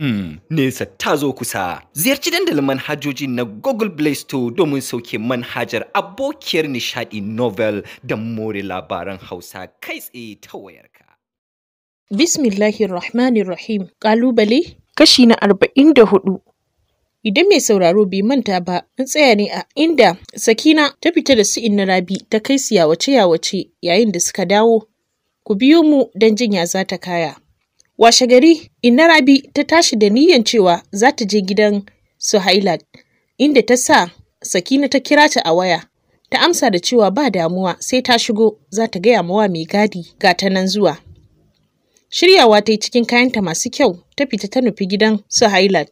Hmm. Nesa ta zo kusa. Ziyarci dandalin manhajoji na Google Play Store domin sauke manhajar abokiyar nishadi novel da more labaran Hausa kai tsaye ta wayarka. Bismillahirrahmanirrahim. Kalubale kashi na arba'in da hudu. Idan mai sauraro bai manta ba, an tsaya ne a inda Sakina ta fita da su na rabi ta kai su yawace-yawace yayin da suka dawo. Ku biyo mu don jinya ya za ta kaya. Washe gari, Inna Rabi ta tashi da niyyan cewa za ta je gidan su Highland? inda ta sa Sakina ta kira ta a waya. Ta amsa da cewa ba damuwa sai ta shigo za ta gaya mawa mai gadi ga ta nan zuwa. Shiryawa ta yi cikin kayanta masu kyau ta fita ta nufi gidan su Highland.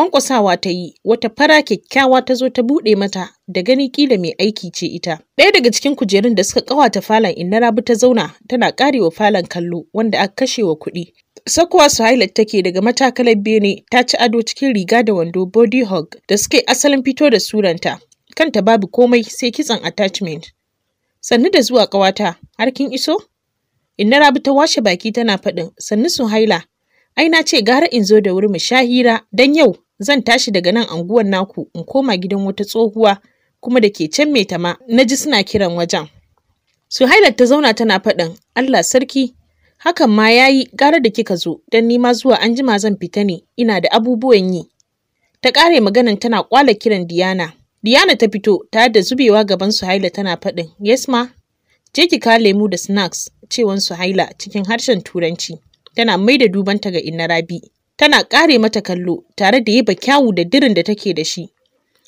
Ƙwanƙwasawa ta yi, wata fara kyakkyawa ta zo ta buɗe mata da gani kila mai aiki ce ita. Ɗaya daga cikin kujerun da suka ƙawata falon inna rabu ta zauna tana karewa falon kallo wanda aka kashe wa kuɗi. Sakuwa hailat take daga matakalar bene ta ci ado cikin riga da wando body hug da suke asalin fito da suranta. Kanta babu komai sai kitson attachment. Sannu da zuwa ƙawata, har kin iso? Inna rabu ta washe baki tana faɗin, sannu Suhaila, ai na ce gara in zo da wuri mu sha hira don yau zan tashi daga nan anguwan naku in koma gidan wata tsohuwa kuma da ke can mai tama na ji suna kiran wajen suhailat ta zauna tana faɗin allah sarki hakan ma ya yi gara da kika zo don nima zuwa an jima zan fita ne ina da abubuwan yi ta ƙare maganan tana ƙwala kiran Diana. Diana ta fito ta da zubewa gaban suhaila tana faɗin yes ma je ki ka lemu da snacks cewan suhaila cikin harshen turanci tana mai da dubanta ga inna rabi tana ƙare mata kallo tare da yaba kyawu da dirin da take da shi.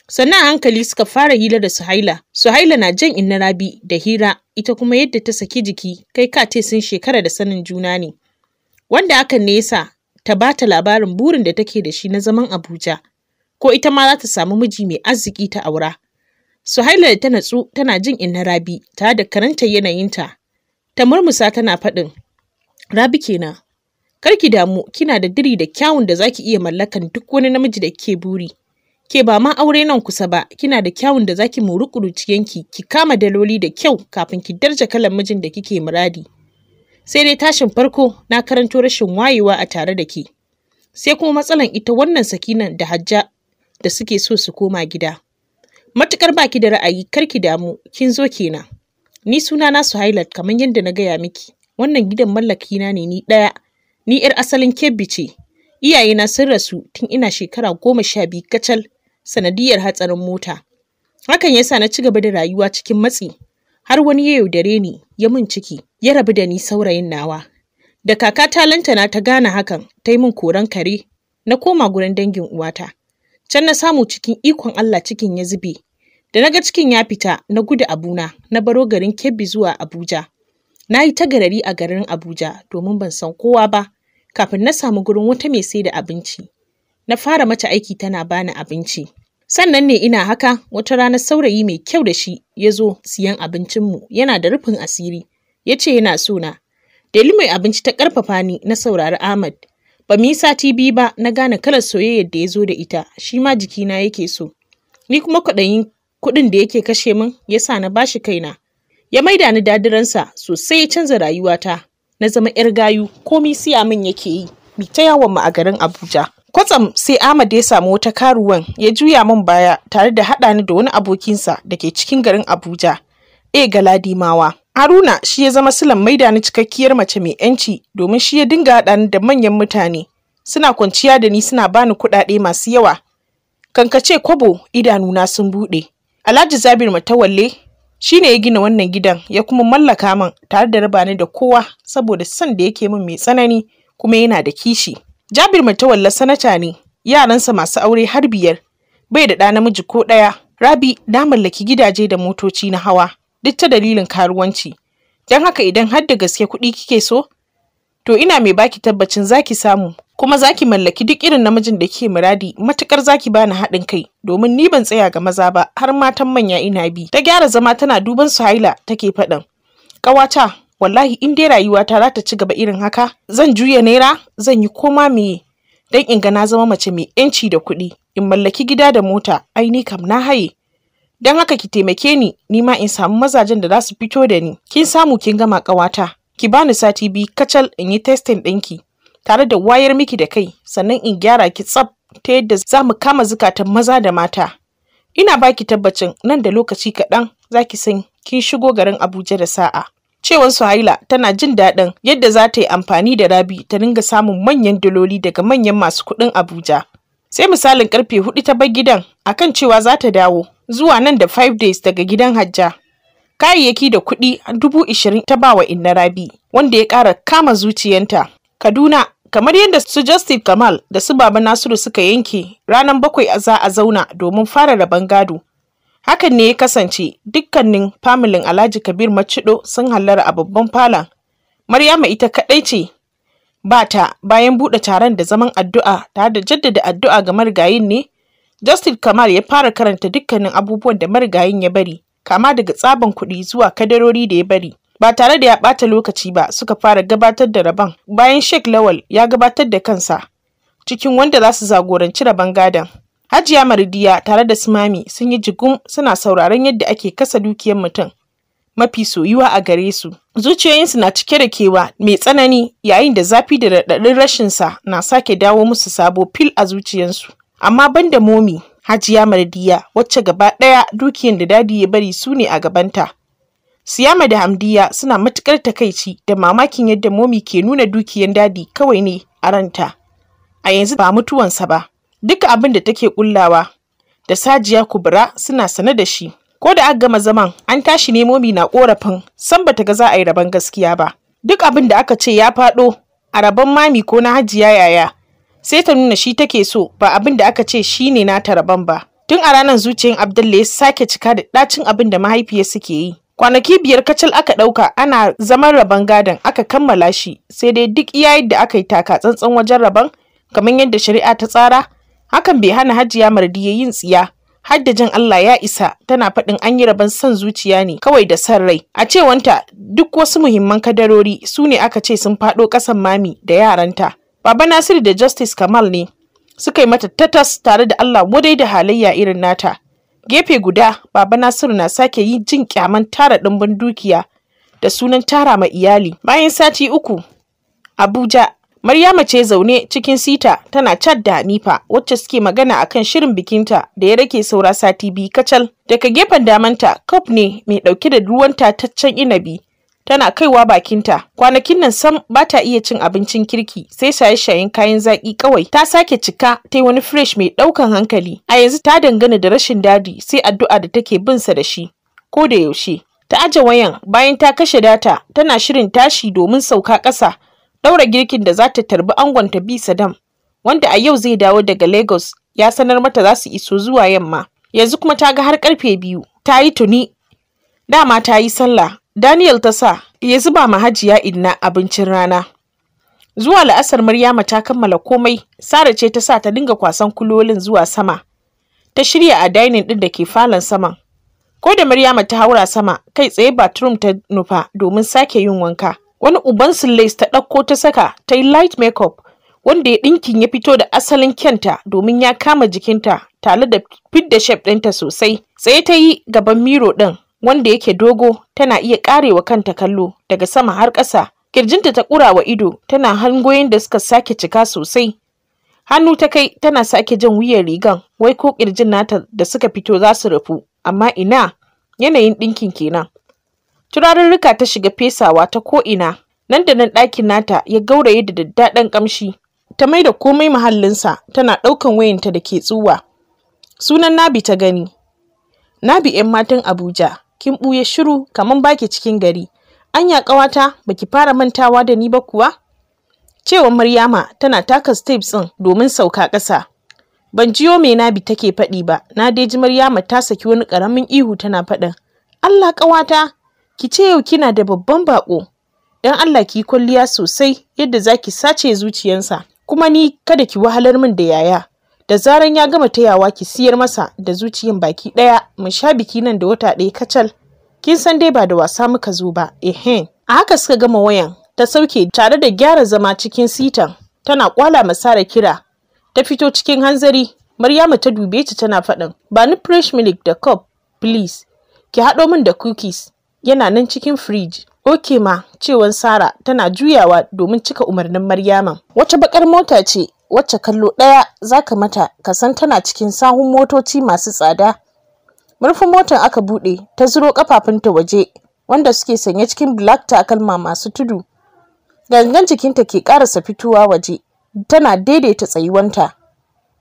Sannan hankali suka fara hila da Suhaila. Suhaila na jan inna rabi da hira ita kuma yadda ta saki jiki kai ka ce sun shekara da sanin juna ne. Wanda hakan ne yasa ta ba ta labarin burin da take da shi na zaman Abuja. Ko ita ma za ta samu miji mai arziki ta aura. Suhaila da ta natsu tana jin inna rabi tare da karanta yanayinta. Ta murmusa tana faɗin. Rabi kenan Kar ki damu, kina da diri da kyawun da zaki iya mallakan duk wani namiji da ke buri. Ke ba ma aure nan kusa ba, kina da kyawun da zaki mori yanki? ki kama daloli da kyau kafin ki darja kalan mijin da kike muradi. Sai dai tashin farko na karanto rashin wayewa a tare da ke. Sai kuma matsalan ita wannan sakinan da hajja da suke so su koma gida. Matukar baki da ra'ayi kar ki damu, kin zo kenan. Ni suna na Suhailat kamar yadda na gaya miki. Wannan gidan mallakina ne ni ɗaya. Ni 'yar asalin Kebbi ce. Iyayena sun rasu tun ina shekara goma sha biyu kacal sanadiyar hatsarin mota. Hakan yasa na ci gaba da rayuwa cikin matsi. Har wani ya yaudare ni, ya mun ciki, ya rabu da ni saurayin nawa. Da kaka Talanta na ta gane hakan, ta yi min koran kare, na koma gurin dangin uwata. Can na samu cikin ikon Allah cikin ya zube. Da na ga cikin ya fita, na gudu abuna, na baro garin Kebbi zuwa Abuja. Na yi ta garari a garin Abuja domin ban san kowa ba, kafin na samu gurin wata mai sai da abinci. Na fara mata aiki tana bani abinci. Sannan ne ina haka wata rana saurayi mai kyau da shi ya zo siyan abincinmu yana da rufin asiri. Ya ce yana suna. Deli mai abinci ta ƙarfafa ni na saurari Ahmad. Ba mu yi sati biyu ba na gane kalar soyayyar da ya zo da ita, shi ma jikina yake so. Ni kuma kwaɗayin kuɗin da yake kashe min ya sa na bashi kaina. ya maida ni dadiransa sosai ya canza rayuwata na zama yar gayu komi siya min yake yi mi ta yawon mu a garin abuja kwatsam sai ahmad ya samu wata karuwan ya juya min baya tare da haɗa ni da wani abokinsa da ke cikin garin abuja e galadimawa haruna shi ya zama silan maida ni cikakkiyar mace mai yanci domin shi ya dinga haɗa ni da manyan mutane suna kwanciya da ni suna bani kuɗaɗe masu yawa kankace kwabo idanuna sun buɗe alhaji zabir matawalle Shi ne ya gina wannan gidan ya kuma mallaka min tare da raba ni da kowa saboda son da yake min mai tsanani kuma yana da kishi. Jabir Mutawalla sanata ne, yaransa masu aure har biyar, bai da ɗa namiji ko ɗaya. Rabi na mallaki gidaje da motoci na hawa, duk ta dalilin karuwanci. Don haka idan har da gaske kuɗi kike so, to ina mai baki tabbacin zaki samu kuma zaki mallaki duk irin namijin da ke muradi matukar zaki bani haɗin kai domin ni ban tsaya ga maza ba har matan manya ina bi ta gyara zama tana duban su Haila take faɗin ƙawata wallahi in dai rayuwata za ta ci gaba irin haka zan juya naira zan yi koma meye don in ga na zama mace mai yanci da kuɗi in mallaki gida da mota ai ni kam na haye don haka ki taimake ni ni ma in samu mazajen da za su fito da ni kin samu kin gama ƙawata ki bani sati biyu kacal in yi testin ɗinki tare da wayar miki da kai sannan in gyara ki tsaf ta yadda za mu kama zukatan maza da mata ina baki tabbacin nan da lokaci kaɗan za ki san kin shigo garin abuja da sa'a cewar suhaila tana jin daɗin yadda za ta yi amfani da rabi ta dinga samun manyan daloli daga manyan masu kuɗin abuja sai misalin karfe hudu ta bar gidan akan cewa za ta dawo zuwa nan da five days daga gidan hajja kayayyaki da kuɗi dubu ishirin ta ba wa inna rabi wanda ya ƙara kama zuciyanta Kaduna kamar yadda su Justice Kamal da su Baba Nasiru suka yanke ranar bakwai a za a zauna domin fara rabon gado. Hakan ne ya kasance dukkanin familin Alhaji Kabir Macido sun hallara a babban falon. Maryama ita kaɗai ce ba ta bayan buɗe taron da zaman addu'a tare da jaddada addu'a ga marigayin ne. Justice Kamal ya fara karanta dukkanin abubuwan da marigayin ya bari, kama daga tsaban kuɗi zuwa kadarori da ya bari. ba tare da ya ɓata lokaci ba suka fara gabatar da rabon bayan Sheikh Lawal ya gabatar da kansa cikin wanda za su zagoranci rabon gadon. Hajiya Maridiya tare da simami sun yi jigum suna sauraron yadda ake kasa dukiyar mutum mafi soyuwa a gare su. Zuciyoyinsu na cike da kewa mai tsanani yayin da zafi da raɗaɗin rashinsa na sake dawo musu sabo fil a zuciyarsu. Amma ban da momi, Hajiya Mardiya wacce gaba ɗaya dukiyar da dadi ya bari su ne a gabanta. Siyama da Hamdiya suna matuƙar takaici da mamakin yadda Momi ke nuna dukiyan dadi kawai ne a ranta. A yanzu ba mutuwansa ba, duka abin da take kullawa da Sajiya Kubura suna sane da shi. Ko da aka gama zaman, an tashi ne Momi na korafin san bata ga za a yi rabon gaskiya ba. Duk abin da aka ce ya faɗo a rabon mami ko na hajiya yaya, sai ta nuna shi take so ba abin da aka ce shi ne nata rabon ba. Tun a ranar zuciyar Abdullahi sake cika da ɗacin abin da mahaifiyar suke yi. kwanaki biyar kacal aka ɗauka ana zaman rabon gadon aka kammala shi sai dai duk iya yadda aka yi taka tsantsan wajen rabon kamar yadda shari'a ta tsara hakan bai hana hajiya mardiya yin tsiya har jan Allah ya isa tana faɗin an yi rabon son zuciya ne kawai da son rai a cewanta duk wasu muhimman kadarori su ne aka ce sun faɗo ƙasan mami da yaranta baba Nasiru da Justice Kamal ne suka yi mata tatas tare da Allah wadai da halayya irin nata Gefe guda, Baba Nasiru na sake yi jin kyaman tara dimbin dukiya da sunan tara ma iyali. Bayan sati uku, Abuja, Maryama ce zaune cikin sita tana chat da Hanifa wacce suke magana akan shirin bikinta da ya rake saura sati biyu kacal. Daga gefen damanta, kop ne mai ɗauke da ruwan tataccen inabi tana kaiwa bakinta kwanakin nan sam ba ta iya cin abincin kirki sai shaye-shayen kayan zaƙi kawai ta sake cika ta wani fresh mai ɗaukan hankali a yanzu ta dangana da rashin dadi sai addu'a da take bin sa da shi ko da yaushe ta aje wayan bayan ta kashe data tana shirin tashi domin sauka ƙasa ɗaura girkin da za ta tarbi ta bi sadam wanda a yau zai dawo daga lagos ya sanar mata za su iso zuwa yamma yanzu kuma ta ga har karfe biyu ta yi tuni dama ta yi sallah Daniel ta sa ya zuba ma Hajiya Inna abincin rana. Zuwa la'asar Maryama ta kammala komai, Sara ce ta sa ta dinga kwasan kulolin zuwa sama. Ta shirya a dining ɗin da ke falon saman. Ko da Maryama ta haura sama, kai tsaye bathroom ta nufa domin sake yin wanka. Wani uban Sulais ta ɗauko ta saka ta yi light makeup wanda ya ɗinkin ya fito da asalin kyanta domin ya kama jikinta tare da fidda shef ɗinta sosai. Tsaye ta yi gaban miro ɗin wanda yake dogo tana iya karewa kanta kallo daga sama har ƙasa kirjinta ta ƙura wa ido tana hangoyin da suka sake cika sosai hannu ta kai tana sake jan wuyan rigan wai ko ƙirjin nata da suka fito za su rufu amma ina yanayin ɗinkin kenan turarurruka ta shiga fesawa ta ko'ina. nan da nan ɗakin nata ya gauraye da daddaɗan ƙamshi ta mai da komai muhallinsa tana ɗaukan wayanta da ke tsuwa sunan nabi ta gani nabi 'yan matan abuja kin buye shiru kaman baki cikin gari. Anya ƙawata baki fara mantawa da ni ba kuwa? Cewa Maryama tana taka steps ɗin domin sauka ƙasa. Ban jiyo me Nabi take faɗi ba, na dai ji Maryama ta saki wani ƙaramin ihu tana faɗin. Allah ƙawata, ki ce yau kina da babban baƙo. Dan Allah ki kwalliya sosai yadda za ki sace zuciyarsa. kuma ni kada ki wahalar min da yaya. da zaran ya gama tayawa ki siyar masa da zuciyin baki ɗaya mu sha biki nan da wata ɗaya kacal kin san dai ba da wasa muka zo ba eh. a haka suka gama wayan ta sauke tare da gyara zama cikin sitan tana kwala masara kira ta fito cikin hanzari maryama ta dube ta tana faɗin ba ni fresh milk da cup please ki haɗo min da cookies yana nan cikin fridge Oke ma, cewan Sara tana juyawa domin cika umarnin Maryama. Wata bakar mota ce wacce kallo ɗaya za ka mata ka san tana cikin sahun motoci masu tsada murfin motar aka buɗe ta zuro ƙafafunta waje wanda suke sanye cikin black takalma masu tudu gangan jikinta ke ƙarasa fitowa waje tana daidaita tsayuwanta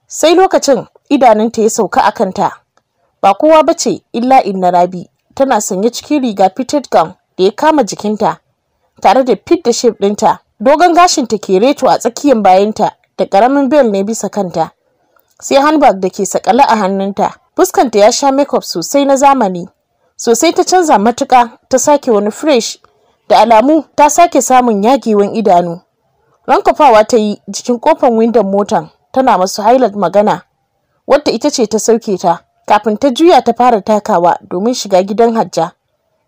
sai lokacin idanunta ya sauka a kanta ba kowa ba ce illa inna rabi tana sanye cikin riga fitted gown da ya kama jikinta tare da fit da shape ɗinta dogon gashinta ke reto a tsakiyar bayanta da ƙaramin bel ne bisa kanta sai handbag da ke sakale a hannunta fuskanta ya sha makeup sosai na zamani sosai ta canza matuka, ta sake wani fresh da alamu ta sake samun yagewan idanu rankafawa ta yi jikin kofan windon motan tana masu highlight magana wadda ita ce ta sauke ta kafin ta juya ta fara takawa domin shiga gidan hajja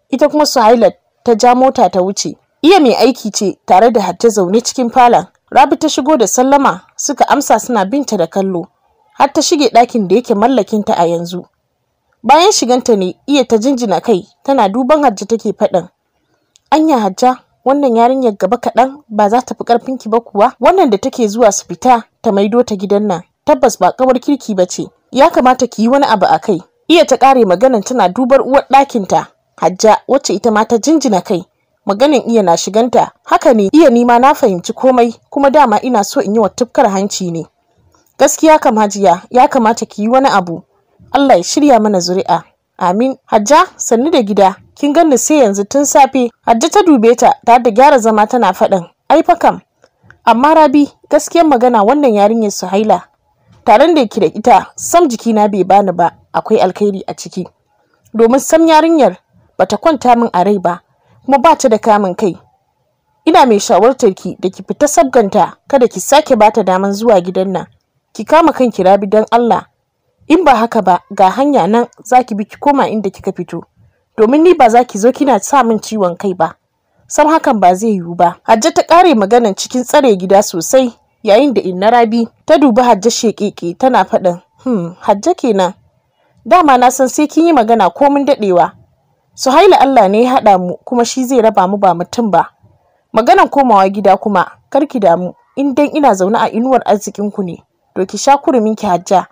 ita kuma su suhailat ta ja mota ta wuce iya mai aiki ce tare da hajja zaune cikin falon Rabi ta shigo da sallama suka amsa suna binta da kallo har ta shige ɗakin da yake mallakinta a yanzu. Bayan shiganta ne iya ta jinjina kai tana duban Hajja take faɗin. Anya Hajja wannan yarinyar gaba kaɗan ba za ta fi ƙarfinki ba kuwa wannan da take zuwa su fita ta maido ta gidan nan tabbas ba kawar kirki ba ce ya kamata ki yi wani abu a kai iya ta ƙare maganan tana dubar uwar ɗakinta Hajja wacce ita ma ta jinjina kai maganin iya na shiganta haka ne iya nima na fahimci komai kuma dama ina so in yi wa tufkar hanci ne gaskiya kam hajiya ya kamata ki yi wani abu allah ya shirya mana zuri'a amin hajja sannu da gida kin ganni sai yanzu tun safe hajja ta dube ta ta da gyara zama tana faɗin ai fa kam amma rabi gaskiyar magana wannan yarinyar suhaila taron da ki da ita sam jikina bai bani ba akwai alkhairi a ciki domin sam yarinyar bata kwanta min a rai ba kuma ba ta da kamun kai ina mai shawartar ki da ki fita sabganta kada ki sake bata daman zuwa gidan nan ki kama kanki rabi don Allah in ba haka ba ga hanya nan za ki bi ki koma inda kika fito domin ni ba za ki zo kina sa min ciwon kai ba sam hakan ba zai yiwu ba hajja ta ƙare maganan cikin tsare gida sosai yayin da inna rabi ta duba hajja sheƙeƙe tana faɗin hmm hajja kenan dama na san sai kin yi magana komin daɗewa Suhaila Allah ne ya haɗa mu kuma shi zai raba mu ba mutum ba. Maganan komawa gida kuma kar ki damu in dan ina zaune a inuwar arzikin ku ne to ki sha kurumin ki hajja.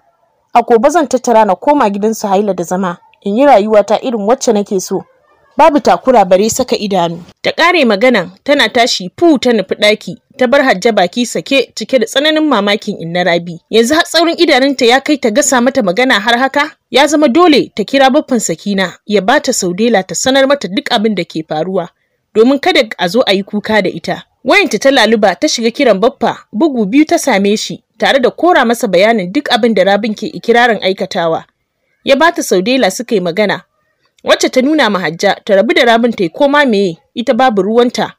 A gobe zan tattara na koma gidan Suhaila da zama in yi rayuwata irin wacce nake so. Babu takura bare saka idanu. Ta ƙare maganan tana tashi fu ta nufi ɗaki ta bar hajja baki sake cike da tsananin mamakin inna rabi yanzu har tsaurin idanunta ya kai ta gasa mata magana har haka ya zama dole ta kira baffan sakina ya ba ta saudela ta sanar mata duk abin da ke faruwa domin kada a zo a yi kuka da ita wayanta ta laluba ta shiga kiran baffa bugu biyu ta same shi tare da kora masa bayanin duk abin da rabin ke ikirarin aikatawa ya ba ta saudela suka yi magana wacce ta nuna ma hajja ta rabu da rabin ta koma meye ita babu ruwanta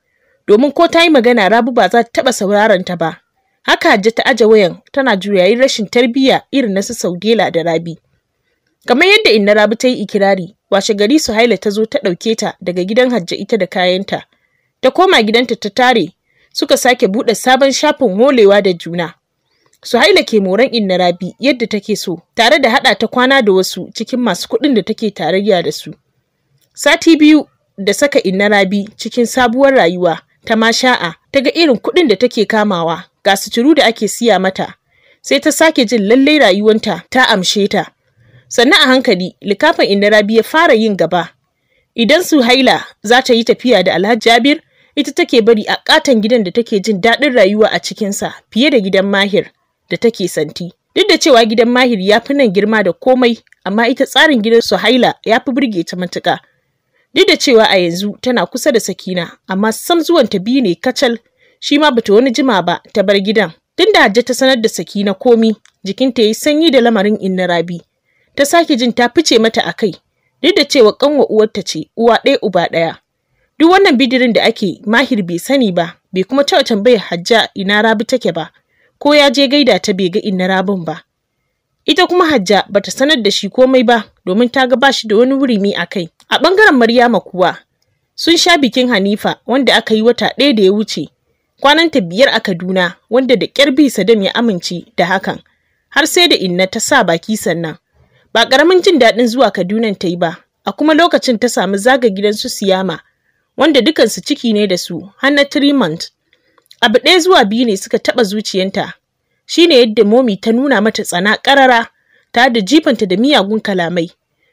domin ko ta yi magana Rabi ba za ta taɓa sauraron ta ba. Haka Hajja ta aje wayan tana juyayin rashin tarbiyya irin na su saudela da Rabi. Kamar yadda Inna Rabi ta yi ikirari, washe gari su haila ta zo ta ɗauke ta daga gidan Hajja ita da kayanta. Ta koma gidanta ta tare suka sake buɗe sabon shafin holewa da juna. Suhaila ke moran Inna Rabi yadda take so, tare da haɗa ta kwana da wasu cikin masu kuɗin da take tarayya da su. Sati biyu da saka Inna Rabi cikin sabuwar rayuwa, ta masha'a ta ga irin kuɗin da take kamawa ga suturu da ake siya mata sai ta sake jin lallai rayuwanta ta amshe ta sannan a hankali likafin inda rabi ya fara yin gaba idan suhaila za ta yi tafiya da alhaji jabir ita take bari a katon gidan da take jin daɗin rayuwa a cikinsa fiye da gidan mahir da take santi duk da cewa gidan mahir ya fi nan girma da komai amma ita tsarin gidan suhaila ya fi burge ta matuƙa Duk da cewa a yanzu tana kusa da Sakina, amma sam zuwanta biyu ne kacal, shi ma bata wani jima ba ta bar gidan. Tun da Hajja ta sanar da Sakina komi, jikinta yi sanyi da lamarin Inna Rabi. Ta sake jin ta fice mata a kai, duk da cewa kanwa uwarta ce, uwa ɗaya uba ɗaya. Duk wannan bidirin da ake Mahir bai sani ba, bai kuma taɓa tambayar Hajja ina Rabi take ba, ko ya je gaida ta bai ga Inna Rabin ba. Ita kuma Hajja bata sanar da shi komai ba, domin ta ga bashi da wani wurimi a kai. A ɓangaren Maryama kuwa, sun sha bikin Hanifa wanda aka yi wata ɗaya da ya wuce, kwananta biyar a Kaduna wanda da ƙyar bi Sadam ya amince da hakan, har sai da inna ta sa baki sannan. Ba ƙaramin jin daɗin zuwa Kaduna ta yi ba, a kuma lokacin ta samu zaga gidan su Siyama, wanda dukansu ciki ne da su, har na Tremont. Abu ɗaya zuwa biyu ne suka taɓa zuciyanta, shine yadda momi ta nuna mata tsana ƙarara, ta da jifanta da miyagun kalamai.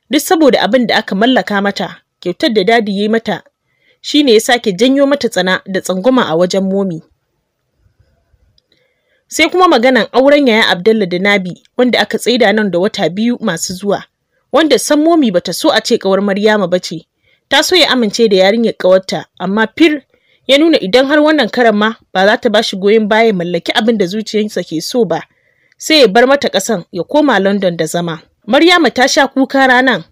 duk saboda abin da aka mallaka mata kyautar da dadi ya yi mata shine ya sake janyo mata tsana da tsangwama a wajen momi sai kuma maganan auren yaya abdalla da nabi wanda aka tsaida nan da wata biyu masu zuwa wanda san momi bata so a ce kawar maryama ba ce, ta so ya amince da yarinyar kawarta amma fir ya nuna idan har wannan karan ma ba za ta bashi goyon baya mallaki abin da zuciyarsa ke so ba sai ya bar mata ƙasan ya koma london da zama maryama ta sha kuka ranan.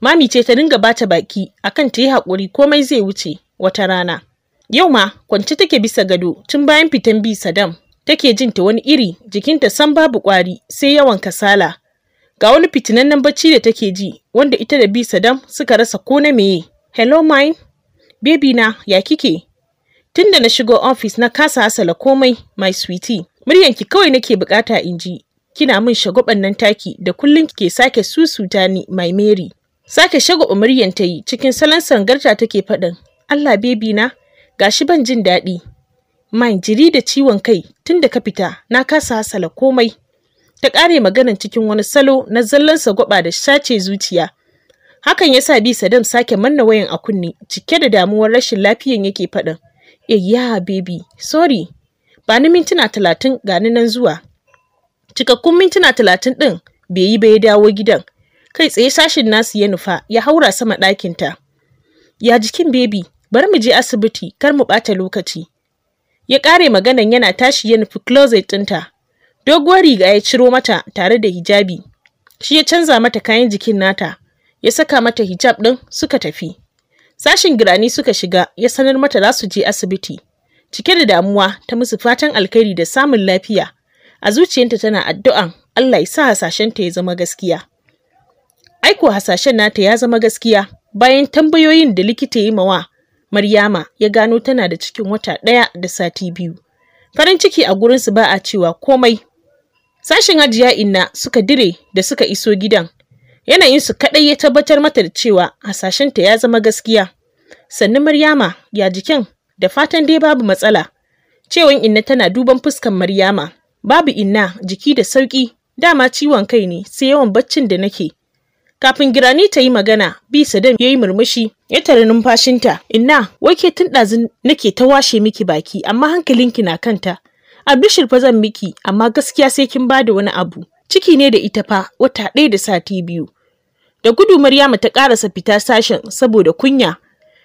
Mami ce ta dinga bata baki akan ta yi haƙuri komai zai wuce wata rana. Yau ma kwance take bisa gado tun bayan fitan bi Sadam take jin ta wani iri jikinta san babu ƙwari sai yawan kasala. Ga wani fitinannen bacci da take ji wanda ita da bi Sadam suka rasa ko na meye. Hello mine, baby na ya kike? Tunda na shigo ofis na kasa asala komai my sweetie. Muryanki kawai nake bukata in ji kina min shagwaban nan taki da kullum ke sake susuta ni mai Mary. Sake shagwaba muryan ta yi cikin salon sangarta take faɗin Allah bebi na gashi ban jin daɗi. Mai jiri da ciwon kai tun da ka fita na kasa hasala komai. Ta ƙare maganan cikin wani salo na zallan sagwaba da sace zuciya. Hakan ya sa bi Sadam sake manna wayan a kunne cike da damuwar rashin lafiyan yake faɗin. Iya bebi, sorry, ba ni mintuna talatin gani nan zuwa. Cikakkun mintuna talatin ɗin bai yi ba ya dawo gidan. Kai tsaye sashin nasu ya nufa ya haura sama ɗakinta. Ya jikin bebi, bar mu je asibiti kar mu ɓata lokaci. Ya ƙare maganan yana tashi ya nufi closet ɗinta. Doguwar riga ya ciro mata tare da hijabi. Shi ya canza mata kayan jikin nata. Ya saka mata hijab ɗin suka tafi. Sashin girani suka shiga ya sanar mata za su je asibiti. Cike da damuwa ta musu fatan alkhairi da samun lafiya. a zuciyarta tana addu'an Allah ya sa hasashenta ya zama gaskiya. Aiko hasashen nata ya zama gaskiya bayan tambayoyin da likita ya yi mawa Maryama ya gano tana da cikin wata ɗaya da sati biyu. Farin ciki a gurinsu ba a cewa komai. Sashen ajiya inna suka dire da suka iso gidan. yanayin su kaɗai ya tabbatar mata da cewa hasashenta ya zama gaskiya. Sannu Maryama ya jikin da fatan dai babu matsala. Cewan inna tana duban fuskan Maryama. Babu inna, jiki da sauƙi, dama ciwon kai ne, sai yawan baccin da nake. Kafin Girani ta yi magana, bi Sadam ya yi murmushi, ya tare numfashinta, inna, wake tun ɗazun nake ta washe miki baki, amma hankalinki na kanta. Abishir fa zan miki, amma gaskiya sai kin bada wani abu. Ciki ne da ita fa, wata ɗaya da sati biyu. Da gudu maryama ta ƙarasa fita sashen saboda kunya,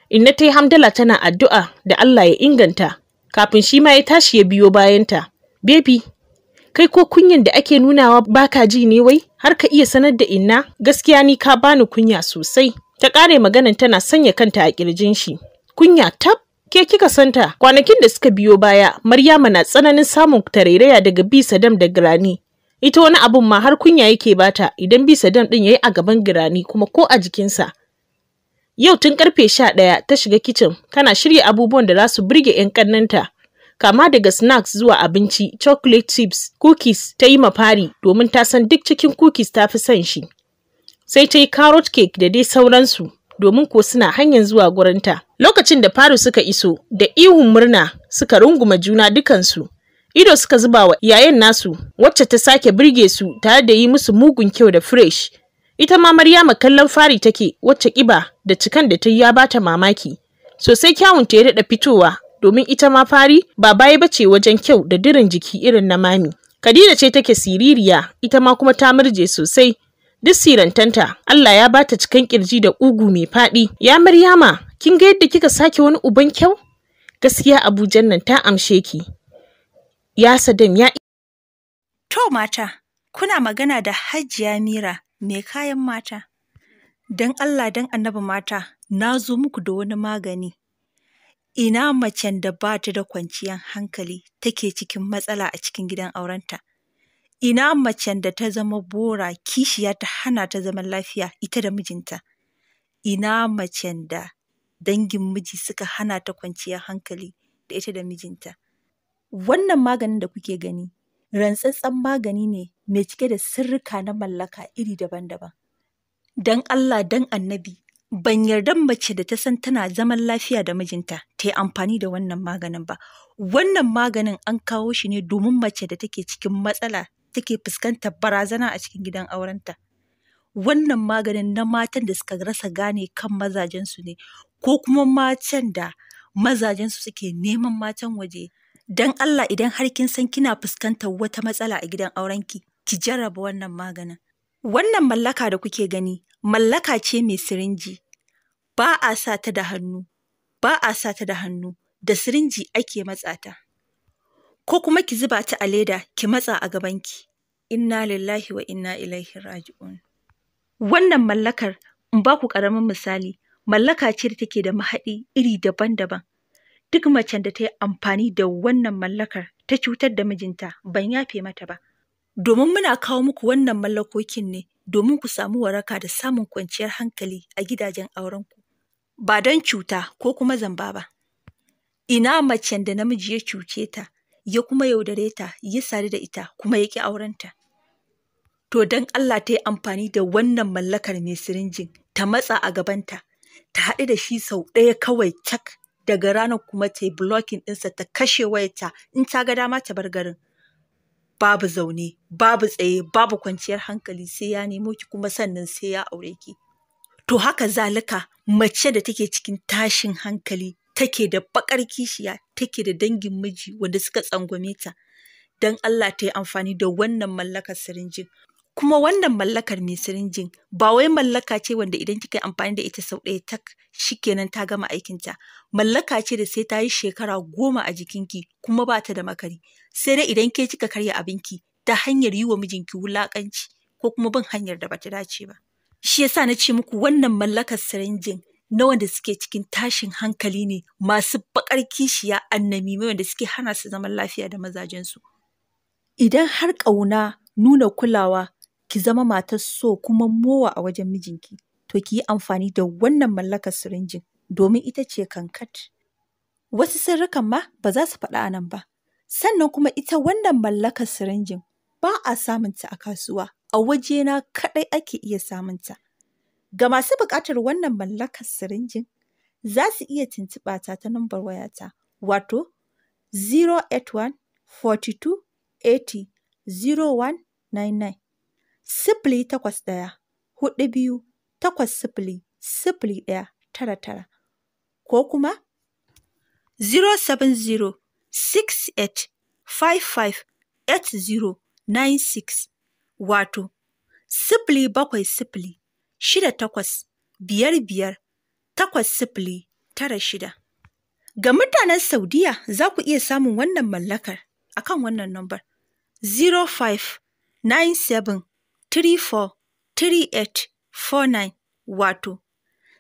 inna ta yi hamdala tana addu'a da Allah ya inganta, kafin shi ma ya tashi ya biyo bayanta. Bebi, kai ko kunyan da ake nunawa baka ji ne wai har ka iya sanar da inna gaskiya ni ka bani kunya sosai ta kare maganan tana sanya kanta a kirjin shi kunya tab ke kika santa kwanakin da suka biyo baya maryama na tsananin samun tarairaya daga bi sadam da girani ita wani abun ma har kunya yake bata idan bi sadam din yayi a gaban girani kuma ko a jikinsa yau tun karfe sha ɗaya ta shiga kicin tana shirya abubuwan da za su burge 'yan kannanta kama daga snacks zuwa abinci, chocolate chips, cookies ta yi mafari domin ta san duk cikin cookies ta fi son shi. Sai ta yi carrot cake da dai sauransu domin ko suna hanyar zuwa gurinta. Lokacin da faru suka iso, da ihun murna suka runguma juna dukansu. Ido suka zuba wa yayan nasu, wacce ta sake birge su tare da yi musu mugun kyau da fresh. Ita ma Maryama kallon fari take wacce kiba da cikan da ta yi ya bata mamaki. Sosai kyawunta ya daɗa fitowa domin ita ma fari ba baya bace wajen kyau da dirin jiki irin na mami. Khadija ce take siririya, ita ma kuma ta murje sosai. Duk sirantanta, Allah ya bata cikin kirji da ugu mai faɗi. Ya Maryama, kin ga yadda kika sake wani uban kyau? Gaskiya Abuja nan ta amshe ki. Ya Sadam ya To mata, kuna magana da Hajiya Mira, mai kayan mata. dan Allah dan annabi mata, na zo muku da wani magani ina macen da ba ta da kwanciyar hankali take cikin matsala a cikin gidan aurenta? Ina macen da ta zama bora kishiya ta hana ta zaman lafiya ita da mijinta? Ina macen da dangin miji suka hana ta kwanciyar hankali da ita da mijinta? Wannan maganin da kuke gani, rantsatsen magani ne mai cike da sirrika na mallaka iri daban-daban. Don Allah, don annabi, ban yarda mace da ta san tana zaman lafiya da mijinta ta yi amfani da wannan maganin ba wannan maganin an kawo shi ne domin mace da take cikin matsala take fuskantar barazana a cikin gidan aurenta wannan maganin na matan da suka rasa gane kan mazajensu ne ko kuma matan da mazajensu suke neman matan waje don allah idan har kin san kina fuskantar wata matsala a gidan aurenki ki jarraba wannan maganin wannan mallaka da kuke gani mallaka ce mai sirinji. Ba a sa ta da hannu, ba a sa ta da hannu, da sirinji ake matsa ta. Ko kuma ki zuba ta a leda ki matsa a gabanki. Inna lillahi wa inna ilaihi raji'un. Wannan mallakar, in ba ku ƙaramin misali, mallaka ce da take da mahaɗi iri daban-daban. Duk macen da ta yi amfani da wannan mallakar ta cutar da mijinta ban yafe mata ba. Domin muna kawo muku wannan mallakokin ne domin ku samu waraka da samun kwanciyar hankali a gidajen aurenku, ba don cuta ko kuma zamba ba. Ina macen da namiji ya cuce ta, ya kuma yaudare ta, ya sadu da ita, kuma ya ƙi aurenta. To don Allah ta yi amfani da wannan mallakar mai sirinjin, ta matsa a gabanta, ta haɗu da shi sau ɗaya kawai cak daga ranar kuma ta yi blocking ɗinsa ta kashe wayarta in ta ga dama ta bar garin. babu zaune babu tsaye babu kwanciyar hankali sai ya nemo ki kuma sannan sai ya aure ki to haka zalika mace da take cikin tashin hankali take da bakar kishiya take da dangin miji wanda suka tsangwame ta don Allah ta yi amfani da wannan mallakar sirinjin kuma wannan mallakar mai sirinjin ba wai mallaka ce wanda idan kika yi amfani da ita sau ɗaya tak shikenan ta gama aikinta mallaka ce da sai ta yi shekara goma a jikinki kuma ba ta da makari sai dai idan ke kika karya abinki ta hanyar yi wa mijinki wulaƙanci ko kuma bin hanyar da ba ta dace ba shi yasa na ce muku wannan mallakar sirinjin na wanda suke cikin tashin hankali ne masu baƙar kishiya annami mai wanda suke hana su zaman lafiya da mazajensu idan har ƙauna nuna kulawa ki zama matar so kuma mowa a wajen mijinki, to ki yi amfani da wannan mallakar sirinjin domin ita ce kankat. Wasu sirrikan ma ba za su faɗa a nan ba. Sannan kuma ita wannan mallakar sirinjin ba a samunta a kasuwa, a wajena kaɗai ake iya samunta. Ga masu buƙatar wannan mallakar sirinjin, za su iya tuntuɓa ta ta nambar wayata, wato 081 42 80 0199. sifili takwas ɗaya huɗu biyu takwas sifili sifili ɗaya tara tara ko kuma eight zero nine six wato sifili bakwai sifili shida takwas biyar biyar takwas sifili tara shida. Ga mutanen Saudiya za ku iya samun wannan mallakar a kan wannan nambar seven 343849 wato,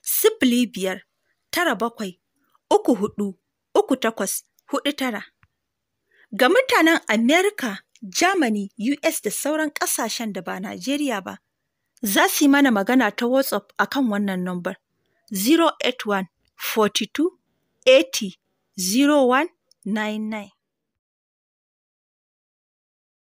sifili biyar tara bakwai uku huɗu uku takwas huɗu tara. Ga mutanen Amerika, Germany, US da sauran ƙasashen da ba Najeriya ba, za su yi mana magana ta WhatsApp a kan wannan nombar 081 42 80 0199.